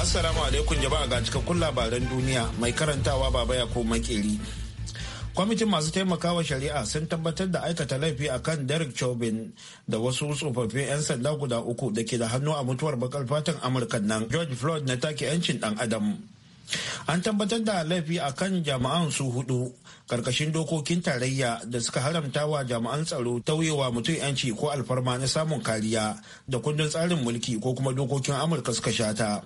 Assalamu alaikum jama'a ga cikakkun labaran duniya mai karantawa baba ya ko makeri. Kwamitin masu taimakawa shari'a sun tabbatar da aikata laifi a kan Derek Chauvin da wasu tsofaffin 'yan sanda guda uku da ke da hannu a mutuwar bakar fatan Amurka nan George Floyd na take 'yancin dan Adam. An tabbatar da laifi a kan jami'an su hudu karkashin dokokin tarayya da suka haramta wa jami'an tsaro tauyewa mutum yanci ko alfarma na samun kariya da kundin tsarin mulki ko kuma dokokin Amurka suka shata.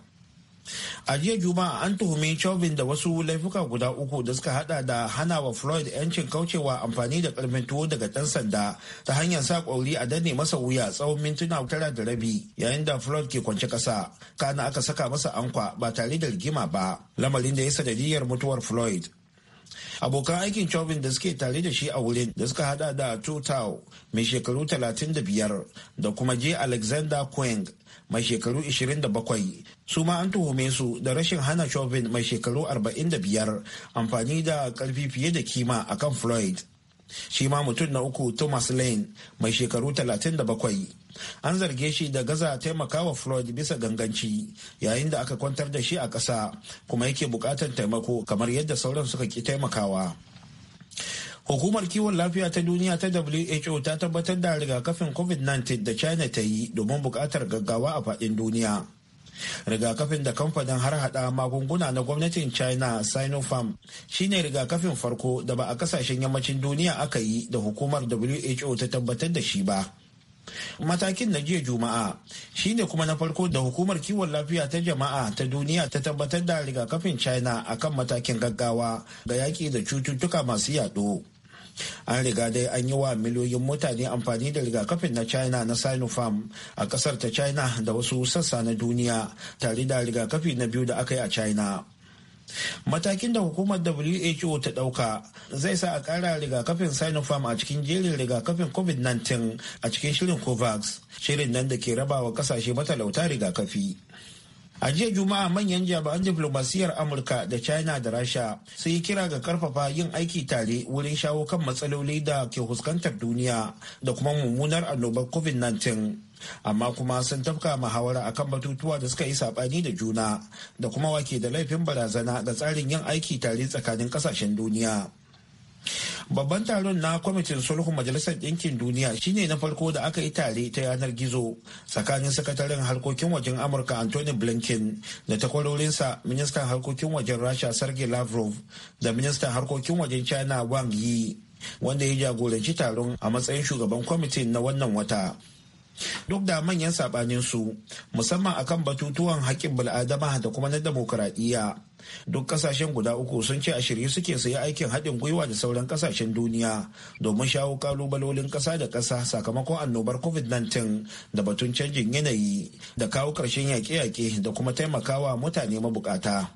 a jiya juma'a an tuhumi chauvin da wasu laifuka guda uku da suka hada da hana wa floyd yancin kaucewa amfani da karfin tuwo daga dan sanda ta hanyar sa kwauri a danne masa wuya tsawon mintuna tara da rabi yayin da floyd ke kwance kasa kana aka saka masa ankwa ba tare da rigima ba lamarin da ya sanadiyar mutuwar floyd abokan aikin chauvin da suke tare da shi a wurin da suka hada da tutau mai shekaru 35 da kuma j alexander quang mai shekaru 27 su ma an tuhume su da rashin hana chauvin mai shekaru 45 amfani da karfi fiye da kima a kan floyd shi ma mutum na uku thomas lane mai shekaru 37 an zarge shi da gaza taimakawa floyd bisa ganganci yayin da aka kwantar da shi a ƙasa kuma yake buƙatar taimako kamar yadda sauran suka ki taimakawa Hukumar kiwon lafiya ta duniya ta WHO ta tabbatar da rigakafin COVID-19 da China ta yi domin bukatar gaggawa a faɗin duniya. Rigakafin da kamfanin har hada magunguna na gwamnatin China Sinopharm shine rigakafin farko da ba a kasashen yammacin duniya aka yi da hukumar WHO ta tabbatar da shi ba. Matakin na jiya Juma'a shine kuma na farko da hukumar kiwon lafiya ta jama'a ta duniya ta tabbatar da rigakafin China akan matakin gaggawa ga yaƙi da cututtuka masu yaɗo. an riga dai an yi wa miliyoyin mutane amfani da rigakafin na china na sinopharm a kasar ta china da wasu sassa na duniya tare da rigakafi na biyu da aka yi a china matakin da hukumar who ta dauka zai sa a kara rigakafin sinopharm a cikin jerin rigakafin covid-19 a cikin shirin covax shirin nan da ke rabawa kasashe matalauta rigakafi a jiya juma'a manyan jami'an diflomasiyyar amurka da china da rasha sun yi kira ga karfafa yin aiki tare wurin shawo kan matsaloli da ke fuskantar duniya da kuma mummunar annobar covid-19 amma kuma sun tafka muhawara kan batutuwa da suka yi saɓani da juna da kuma wake da laifin barazana ga tsarin yin aiki tare tsakanin ƙasashen duniya Babban taron na kwamitin sulhu Majalisar Ɗinkin Duniya shine na farko da aka yi tare ta yanar gizo tsakanin sakataren harkokin wajen Amurka Anthony Blinken da takwarorinsa ministan harkokin wajen Rasha Sergei Lavrov da ministan harkokin wajen China Wang Yi wanda ya jagoranci taron a matsayin shugaban kwamitin na wannan wata. Duk da manyan su musamman akan batutuwan haƙƙin bil'adama da kuma na dimokuraɗiyya. duk kasashen guda uku sun ce a shirye suke sayi aikin haɗin gwiwa da sauran kasashen duniya domin shawo kalubalolin ƙasa da ƙasa sakamakon annobar covid-19 da batun canjin yanayi da kawo ƙarshen yaƙe-yaƙe da kuma taimakawa mutane mabukata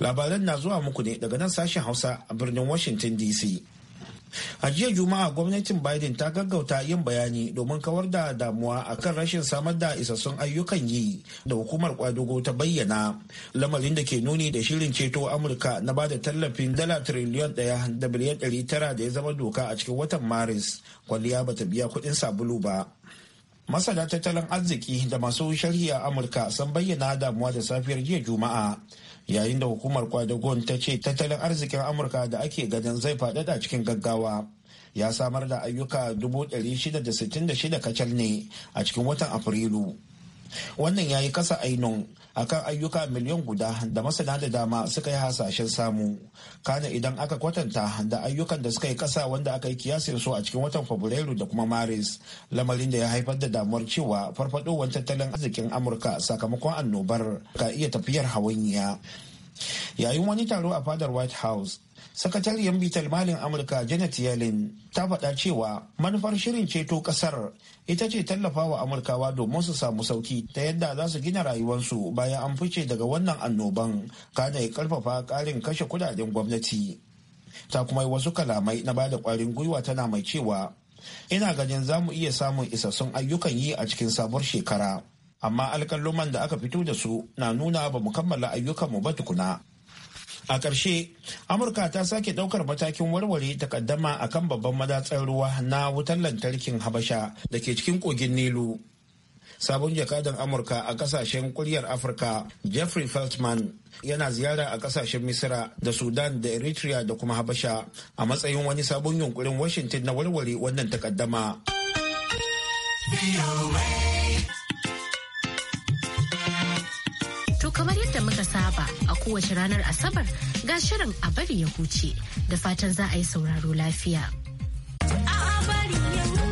labaran na zuwa muku ne daga nan sashen hausa a birnin washington dc A jiya Juma'a gwamnatin Biden ta gaggauta yin bayani domin kawar da damuwa a kan rashin samar da isassun ayyukan yi da hukumar kwadugo ta bayyana. Lamarin da ke nuni da shirin ceto Amurka na ba da tallafin dala tiriliyon ɗaya da biliyan ɗari tara da ya zama doka a cikin watan Maris. Kwalliya ta biya kuɗin sabulu ba. Masana tattalin arziki da masu sharhi a Amurka sun bayyana damuwa da safiyar jiya Juma'a yayin da hukumar kwadagon ta ce tattalin arzikin amurka da ake gadon zai faɗaɗa cikin gaggawa ya samar da ayyuka 666 kacal ne a cikin watan afrilu wannan ya yi kasa ainun akan ayyuka miliyan guda da masana da dama suka yi hasashen samu kana idan aka kwatanta da ayyukan da suka yi kasa wanda aka yi kiyasin su a cikin watan fabrairu da kuma maris lamarin da ya haifar da damuwar cewa farfadowar tattalin arzikin amurka sakamakon annobar ka iya tafiyar hawainiya yayin wani taro a fadar white house sakatariyar bitar malin amurka janet yellen ta faɗa cewa manufar shirin ceto ƙasar ita ce tallafawa amurkawa domin su samu sauki ta yadda za su gina rayuwarsu bayan an fice daga wannan annoban kana ya karfafa ƙarin kashe kudaden gwamnati ta kuma yi wasu kalamai na bada kwarin gwiwa tana mai cewa ina ganin za mu iya samun isassun ayyukan yi a cikin sabuwar shekara amma alƙalluman da aka fito da su na nuna ba mu kammala ayyukanmu ba tukuna a ƙarshe amurka ta sake ɗaukar matakin warware takaddama a kan babban madatsar ruwa na wutar lantarkin habasha da ke cikin kogin nilu sabon jakadan amurka a ƙasashen kuryar afirka jeffrey feltman yana ziyara a ƙasashen misira da sudan da eritrea da kuma habasha a matsayin wani sabon yunkurin washington na warware wannan takaddama. kamar yadda muka saba a kowace ranar Asabar ga shirin a bari ya huce da fatan za a yi sauraro lafiya. A bari ya huce.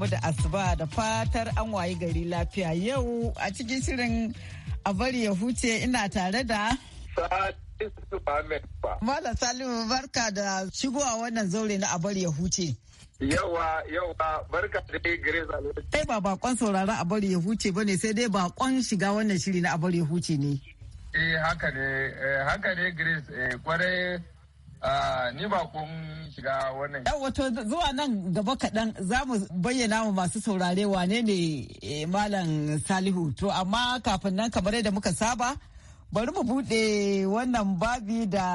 mu da asuba da fatar an wayi gari lafiya yau a cikin shirin a bari ya huce ina tare da Mala Salimu barka da shigowa wannan zaure na a bari ya huce. Yawa yawa barka da dai gare Sai ba bakon sauraron bari ya huce ba ne sai dai bakon shiga wannan shiri na a bari ya huce ne. Eh haka ne eh, haka ne Grace eh, kwarai ni ba kun shiga wannan. Yau wato zuwa nan gaba kaɗan za mu bayyana wa masu saurare wane ne eh, Malam Salihu. To amma kafin nan kamar yadda muka saba bari mu buɗe wannan babi da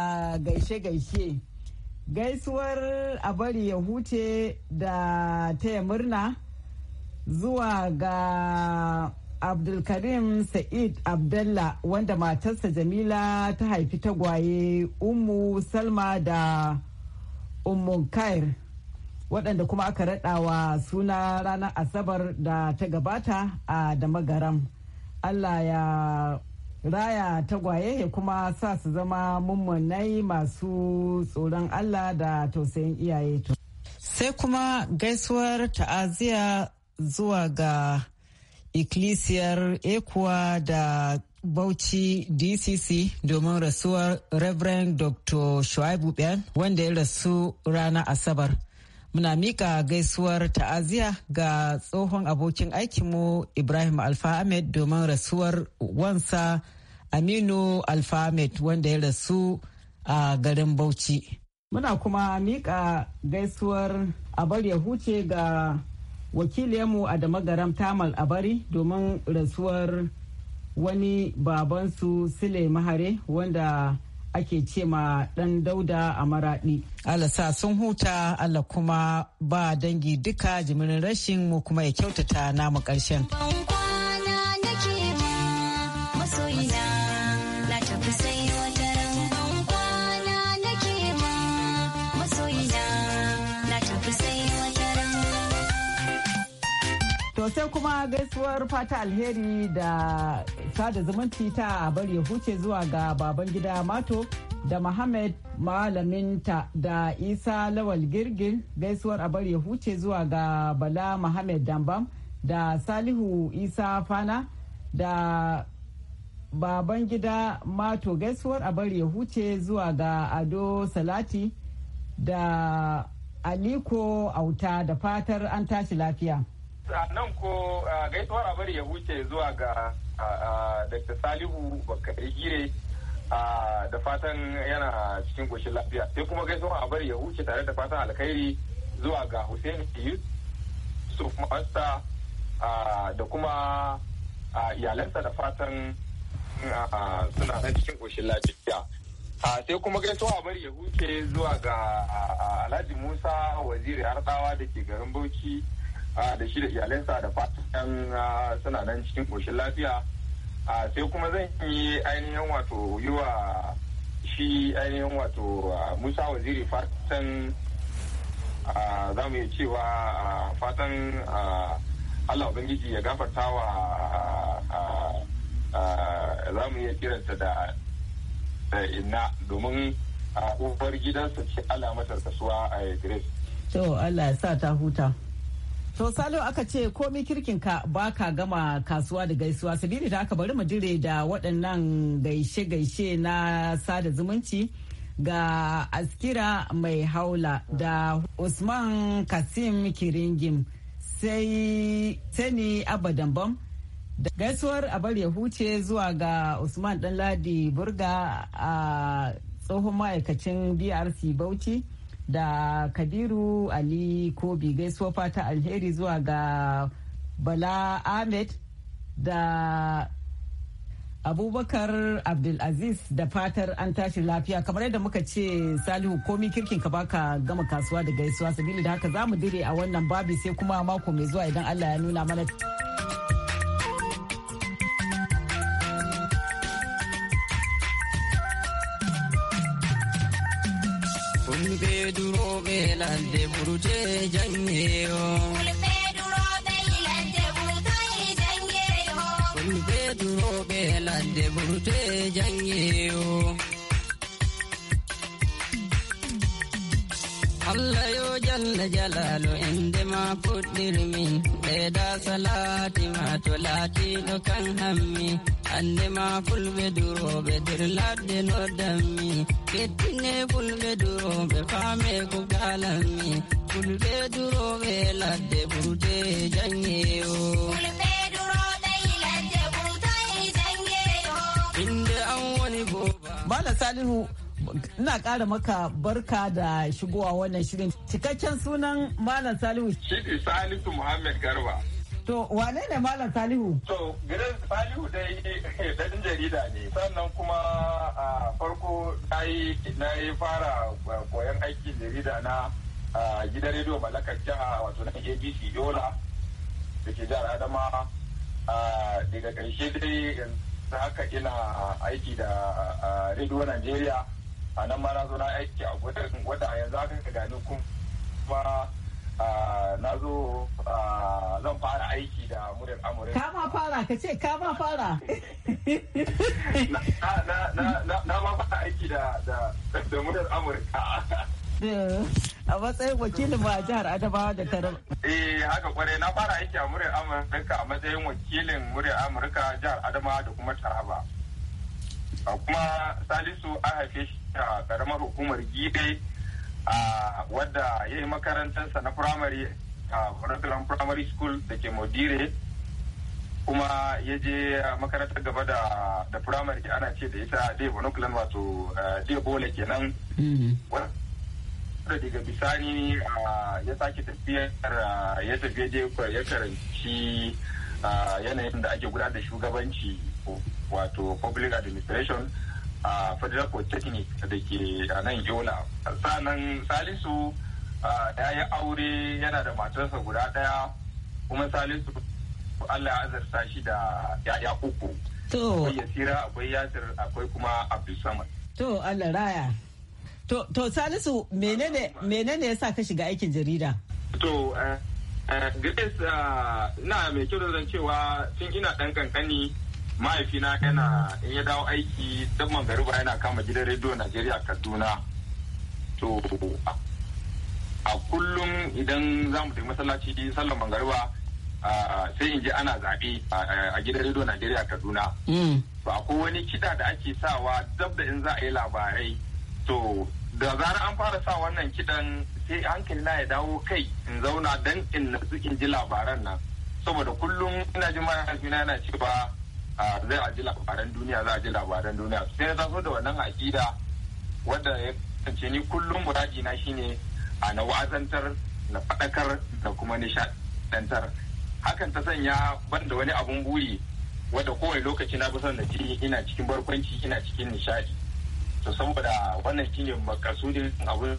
gaishe-gaishe. Gaisuwar a bari ya huce da taya murna zuwa ga Abdulkarim Sa'id Abdallah wanda matarsa Jamila ta haifi tagwaye Umu Salma da Ummun Kair waɗanda kuma aka raɗawa suna ranar Asabar da ta gabata a Damagaram. Allah ya raya tagwaye ya kuma sa su zama mummunai masu tsoron Allah da tausayin iyaye. Sai kuma gaisuwar ta'aziyya zuwa ga ikkilisiyar ekuwa da Bauchi DCC domin rasuwar Reverend Dr. Shuaibu Ben wanda ya rasu ranar Asabar. Muna mika gaisuwar ta'aziyya ga tsohon abokin aikinmu Ibrahim Alfa Ahmed domin rasuwar wansa Aminu Alfa Ahmed wanda ya rasu a garin Bauchi. Muna kuma mika gaisuwar abar ya huce ga wakiliyarmu a da magaram tamal bari domin rasuwar wani babansu sile mahare wanda ake ce ma dan dauda a maraɗi. Allah sa sun huta Allah kuma ba dangi duka jimirin rashin mu kuma ya kyautata namu ƙarshen. sosai kuma gaisuwar fata alheri da sada zumunci ta bari huce zuwa ga baban gida mato da Muhammad malaminta da Isa Lawal girgin gaisuwar a bari huce zuwa ga Bala Muhammad Dambam da Salihu Isa Fana da baban gida mato gaisuwar a bari huce zuwa ga Ado Salati da Aliko Auta da fatar an tashi lafiya. nan ko gaisuwar abar ya wuce zuwa ga Dr. Salihu Bakari Gire da fatan yana cikin goshin lafiya sai kuma gaisuwar abar ya wuce tare da fatan alkhairi zuwa ga Hussein Yusuf Masta da kuma iyalansa da fatan suna nan cikin goshin lafiya. sai kuma gaisuwa a bari ya huce zuwa ga alhaji musa waziri harkawa da ke garin bauchi da shi da iyalansa da fatan suna nan cikin koshin lafiya sai kuma zan yi ainihin wato yi wa shi ainihin wato musa waziri fatan za mu iya cewa fatan allah ubangiji ya gafarta wa za mu iya kiranta da inna domin ubar gidansa ce allah matar kasuwa a grace to allah ya sa ta huta To Salo aka ce komi kirkinka ba ka gama kasuwa da gaisuwa sabili da aka bari mu dire da waɗannan gaishe-gaishe na sada zumunci ga askira mai haula da Usman Kasim Kiringim sai Sani Abadambam da gaisuwar a abar ya huce zuwa ga Usman Ladi Burga a tsohon ma'aikacin BRC Bauchi. da kabiru ali kobi gaisuwa fata alheri zuwa ga bala ahmed da abubakar abdulaziz da fatar an tashi lafiya kamar yadda muka ce salihu komi kirkin ka baka gama kasuwa da gaisuwa sabili da haka za mu dire a wannan babi sai kuma mako mai zuwa idan allah ya nuna mana lande burute janyeyo kulbe lande Allah yo jalla jalalu inde ma fuɗɗirmi ɓeɗa salati ma to latiɗo kan hammi hande ma ladde no dammi kettine fulɓe duroɓe faame ko galanmi fulɓe duroɓe ladde ɓurte jangeyo Mala Salihu ina ƙara maka barka da shigowa wannan shirin cikakken sunan Malam Salihu. Shi Salisu Muhammad Garba. To wane ne Malam Salihu? To Grace Salihu dai ɗan jarida ne sannan kuma a farko na yi fara koyon aikin jarida na gidan rediyo mallakar jiha wato na ABC Yola da ke jihar Adama daga karshe dai yanzu haka ina aiki da rediyo Najeriya a nan ma na zo aiki a gudun wata yanzu haka gani kuma na zo zan fara aiki da muryar amurka kama fara ka ce kama fara na ma fara aiki da muryar amurka eh, a matsayin wakilin ba a jihar Adamawa da Taraba. Eh haka kware na fara aiki a muryar Amurka a matsayin wakilin muryar Amurka jihar Adamawa da kuma Taraba. Kuma Salisu an haife shi a karamar hukumar Gide wadda ya yi makarantarsa na firamare a Orakulan Primary School da ke Modire kuma ya je makarantar gaba da da firamare ana ce da ita dai Orakulan wato dai bola kenan. Mm-hmm. wadda daga bisani ya sake tafiyar ya tafiye je ya karanci yanayin da ake gudanar da shugabanci wato public administration a federal polytechnic da ke a nan yola sanan salisu ya yi aure yana da matarsa guda daya kuma salisu allah ya azarta shi da ya'ya uku akwai yasira akwai yasir akwai kuma abdulsamad to allah raya to, to salisu menene menene ya sa ka shiga aikin jarida to grace eh, eh, na mai kyau da zan cewa tun ina dan kankani mahaifina yana in ya dawo aiki man mangariba yana kama gidan rediyo najeriya kaduna to a kullum idan za mu tafi masallaci sallar mangariba sai in ji ana zaɓe a gidan rediyo najeriya kaduna mm. to akwai wani kiɗa da ake sawa dab da in za a yi labarai to da zarar an fara sa wannan kiɗan sai hankali na ya dawo kai in zauna dan in natsu in ji labaran nan saboda kullum ina ji mahaifina yana cewa zai a labaran duniya za a ji labaran duniya sai na zo da wannan aƙida wadda ya kasance ni kullum muradi na shine a na wazantar na faɗakar da kuma nishaɗantar hakan ta sanya ban da wani abun buri wadda kowane lokaci na son na ji ina cikin barkwanci ina cikin nishaɗi to saboda wannan shine makasudin abun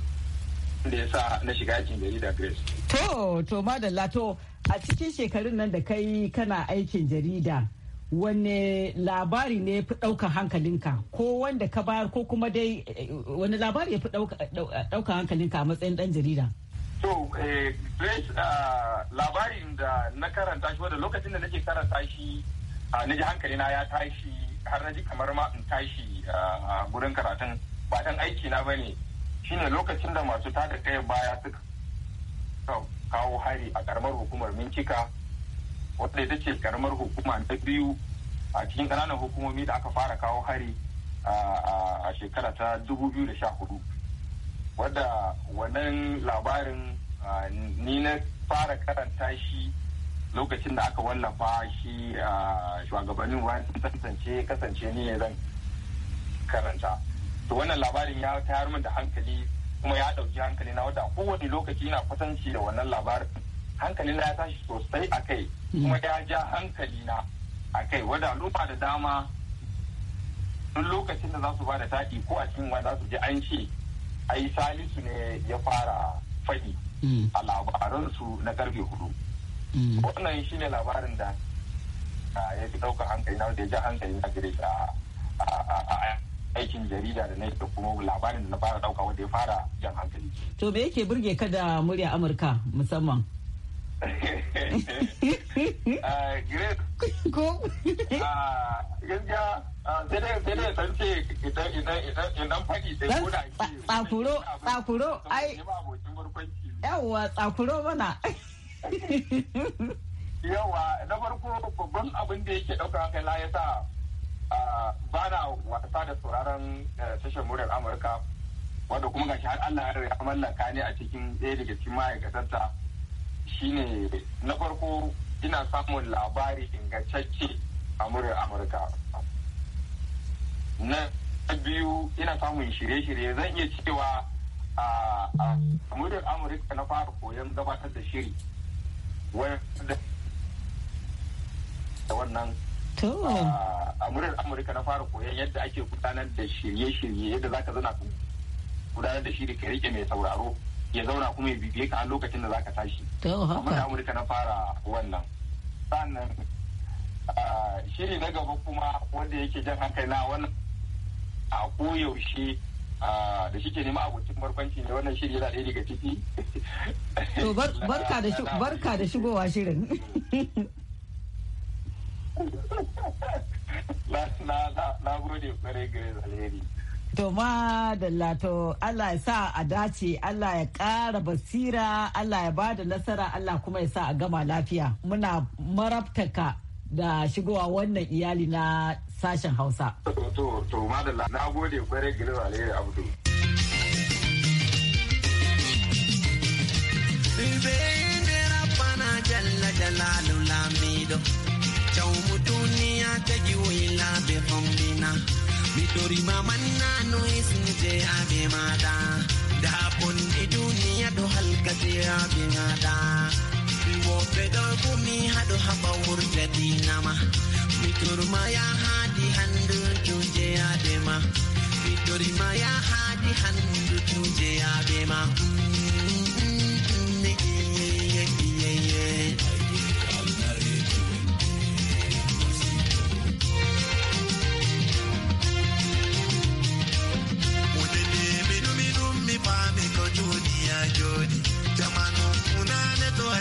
da ya sa na shiga yakin jarida grace to to madalla to a cikin shekarun nan da kai kana aikin jarida wane labari ne fi ɗaukan hankalinka ko wanda ka bayar ko kuma dai eh, wani labari ya fi ɗaukan hankalinka a matsayin ɗan jarida? So, eh, Grace, ah, labarin da na karanta shi wadda lokacin da nake karanta shi ah, na ji na ya tashi har na ji kamar ma in tashi ah, a gurin karatun ba dan aiki na bane shine lokacin da masu tada kai baya suka kawo hari a karamar hukumar mintika. wadda ita ce karamar hukuma ta biyu a cikin ƙananan hukumomi da aka fara kawo hari a shekara ta 2014 wadda wannan labarin ni na fara karanta shi lokacin da aka wallafa shi a shugabannin wani tantance kasance ne zan karanta to wannan labarin ya tayar min da hankali kuma ya ɗauki hankali na wadda kowane lokaci ina kwatanci da wannan labarin hankali na ya tashi sosai a kai kuma ya ja hankali na a kai wadda al'umma da dama duk lokacin da za su ba da taɗi ko a cikin wanda za su ji an ce yi salisu ne ya fara faɗi mm. a labaransu na karfe hudu mm. wannan shi ne labarin da ya fi ɗauka hankali na da ya ja hankali na gire a aikin jarida da na da kuma labarin da na fara ɗauka wadda ya fara jan hankali. To me yake burge ka da murya Amurka musamman? Ah, ko? Ah, gaskiya ah, sai san ce idan faɗi sai ko da Tsakuro, tsakuro, ai. Yawwa, tsakuro mana. Yawwa, na farko babban abin da yake ɗauka kai la ya sa ba na wasa da sauraron eh, tashar muryar Amurka. Wanda kuma gashi har Allah ya mallaka ne a cikin ɗaya daga cikin ma'aikatarsa. shine na farko ina samun labari ingantacce a murar amurka na biyu ina samun shirye-shirye zan iya cewa a murar amurka na fara koyon gabatar da shiri da wannan a murar amurka na fara koyon yadda ake gudanar da shirye-shirye yadda zaka zana gudanar da shiri ka rike mai sauraro ya zauna kuma ya bibiye ka a lokacin da zaka tashi Kuma da amurka na fara wannan sannan shiri na gaba kuma wanda yake jan hankali na wannan a koyaushe da shi ke nema abokin barkwanci ne wannan shiri yana ɗaya daga ciki. To barka da shigowa shirin. Na gode kwarai gare alheri. To ma da lato Allah ya sa a dace Allah ya ƙara basira Allah ya bada nasara Allah kuma ya sa a gama lafiya. Muna marabtaka da shigowa wannan iyali na sashen Hausa. To to madalla na gode kwarai gidan Alheri Abdu. jalla jalalu lamido. mitori maman na isin je abe mata da hapon iduniya do halkati abe mada wofe do gumi hado haba wurje dinama mitor ma ya hadi handu tuje abe ma mitori ma ya hadi handu tuje abe ma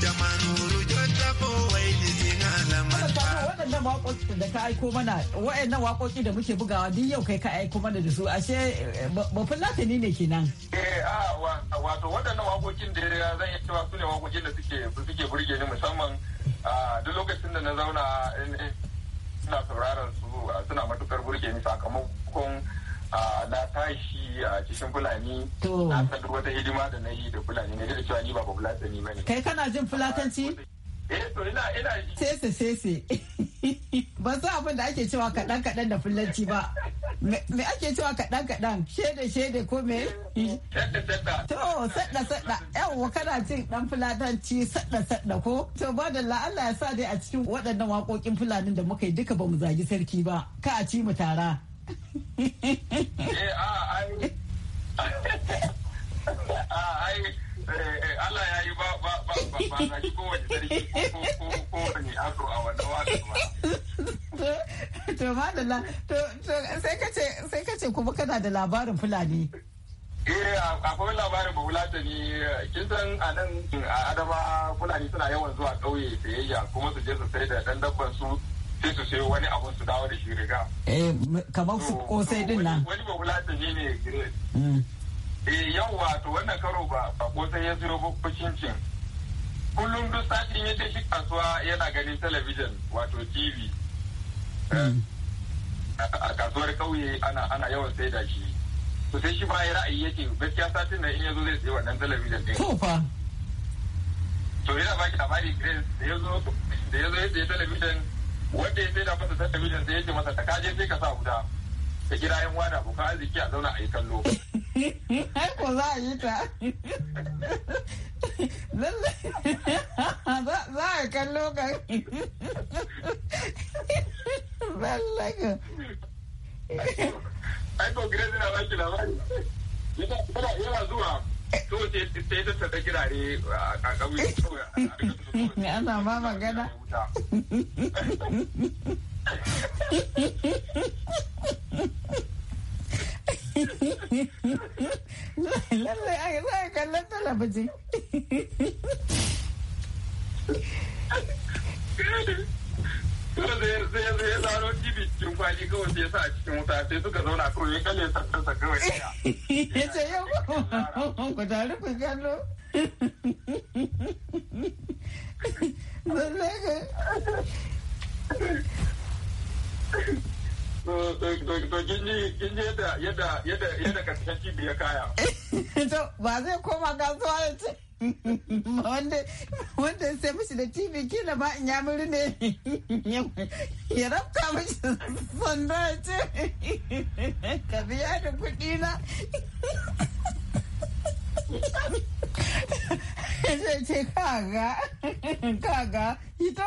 waɗannan waƙoƙi da ka aiko mana waɗannan waƙoƙi da muke bugawa duk yau kai ka aiko mana da su ashe eh, bafin latani ne kenan. eh a wato waɗannan waƙoƙin da zan iya cewa su ne waƙoƙin da suke suke burge ni musamman duk lokacin da na zauna eh, eh, ina sauraron su suna matukar burge ni sakamakon na tashi a cikin fulani na san duk wata hidima da na yi da fulani na da cewa ni ba fulatani ba ne kai kana jin fulatanci eh to ina ina sese sese ban san abin da ake cewa kaɗan kaɗan da fulanci ba me ake cewa kaɗan kaɗan shede shede ko me eh, to sadda sadda yawwa kana jin dan fulatanci sadda sadda ko to ba da Allah ya sa dai a cikin waɗannan waƙoƙin fulanin da muka yi duka ba mu zagi sarki ba ka a ci mu tara Eh, ah, ah, eh, eh, Allah ya yi ba ba ba ba ba ba kowane sarki ko kowane afro a wannan wasan ba. To ka ce kana da labarin Fulani. Eh akwai labarin Bahulata ne kin san a nan Adama Fulani suna yawan zuwa ƙauye sayayya kuma su je su sai da ɗan su sai su sayo wani abun su dawo da shi riga. Eh kamar su kosai din nan. Wani ba ne ne gire. Mm. Eh yawwa to wannan karo ba ba kosai ya zuro ba cincin. Kullum duk satin ya shi kasuwa yana ganin talabijin wato TV. Eh, mm. A kasuwar kauye ana ana yawan sai da shi. To sai shi ba ya ra'ayi yake gaskiya satin nan in ya zo zai sayi wannan talabijin ɗin. To To yana baki labari Grace da ya zo da ya zo ya sayi talabijin wanda ya saida masa miliyan sai yake masa takaje kaje sai ka sa guda Ka kira yan wada ka arziki a zauna a yi kallo. Ai ko za a yi ta. Za a kallo ka. Lallai kan. Ai ko gire zina ba ki labari. Yana zuwa to sai ta tada girare a ƙauye ana ma magana lallai a kallon talabijin zai zai zai zaro kawai sai sa a cikin wuta sai suka zauna kawai ya kalle sarkarsa kawai ya ce yau ku tare ku gano Zan to yadda yadda yadda kaya. Eh, ba zai koma kasuwa ya ce wanda wanda ya sai mishi da TV kila ba in ya muri ne ya rabta mishi sanda ya ce ka biya da kuɗi na. Zai ce kaga kaga ita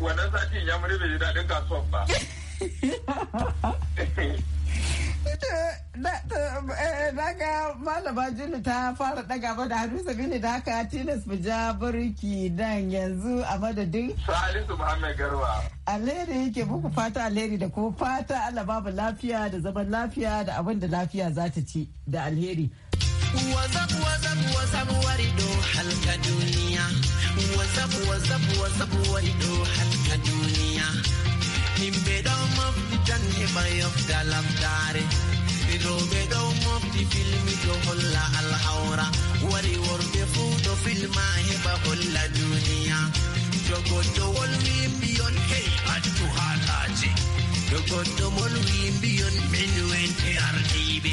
wannan sati ya muri bai daɗin kasuwan ba. daga malama juli ta fara daga ba da hannu sabili da haka tilas mu ja barki dan yanzu a madadin salisu muhammad garba alheri yake muku fata alheri da kuma fata allah babu lafiya da zaman lafiya da abin da lafiya za ta ci da alheri wazab wazab wazab warido halka duniya wazab wazab wazab warido halka duniya himɓe ɗo mofti tan heɓa yofta labtare rewɓe ɗo mofti filmi ɗo holla alhawra wari worɓe fuu ɗo filma heɓa holla duniya to goɗɗo wolwi mbiyon hey accu haalaji to goɗɗo molwi mbiyon min wente ardiɓe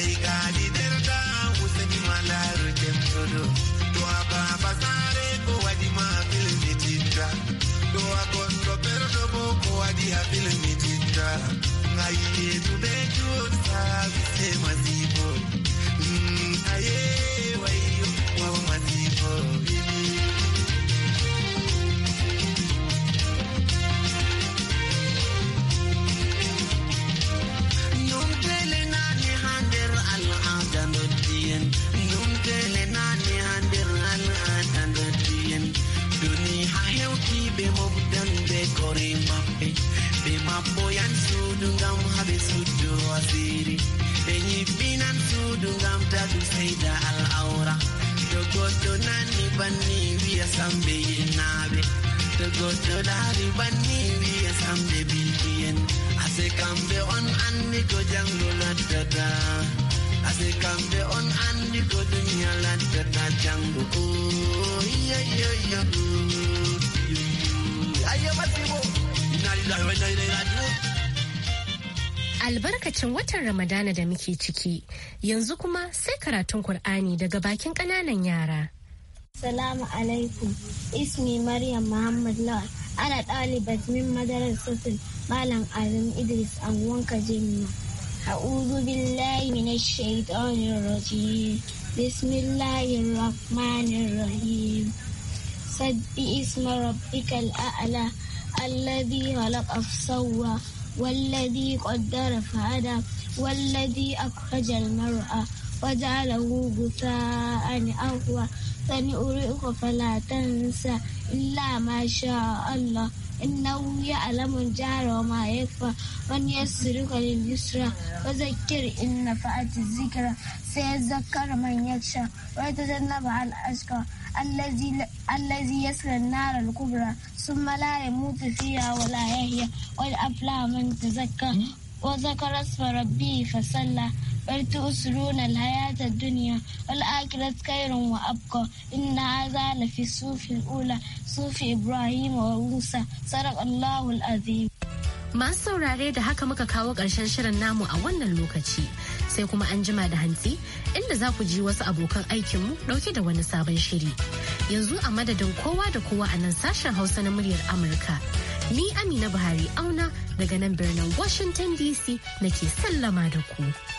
kai gadi derda usani malaru temtodo do aba basare ko wadi ma fil mitita do agondo perdo bo ko wadi ha fil mitita ngai tu be tu sa se masibo aye Amboyan suudu ngam habe suddo asiri ɓe yibbinan suudu ngam dagu seyda al awra to goɗɗo nanni banni wiya sambe yennaɓe to goɗɗo dari banni wiya sambe bildiyen ase kamɓe on andi ko jango laddata ase kamɓe on andi ko duniya laddata jango o oh, yeah, iya iya oh. Albarkacin watan Ramadana da muke ciki, yanzu kuma sai karatun Kur'ani daga bakin ƙananan yara. Salamu alaikum, ismi Maryam Muhammad Lawal, ana ɗalibat min madarar sosin Malam Adam Idris Anguwan a أعوذ بالله من الشيطان الرجيم بسم الله الرحمن rahim. سبح اسم rabbikal الأعلى الذي خلق فسوى والذي قدر فهدى والذي أخرج المرأة وجعله غثاء أهوى سنؤرئك فلا تنسى إلا ما شاء الله إنه يعلم الجهر وما يخفى وليسرك لليسرى وذكر إن نفعت الذكرى سيذكر من يخشى ويتجنبها الأشقى الذي الذي يسلى النار الكبرى ثم لا يموت فيها ولا يحيى والأفلام من تزكى وذكر اسم ربه فصلى ولتؤثرون الحياة duniya والآخرة خير وأبقى إن هذا لفي sufi الأولى sufi ibrahim wa musa الله العظيم Masu saurare da haka muka kawo ƙarshen shirin namu a wannan lokaci sai kuma an jima da hantsi inda za ku ji wasu abokan aikinmu ɗauke da wani sabon shiri. Yanzu a madadin kowa da kowa a nan sashen Hausa na muryar Amurka. Ni Amina Buhari auna daga nan birnin Washington DC nake sallama da ku.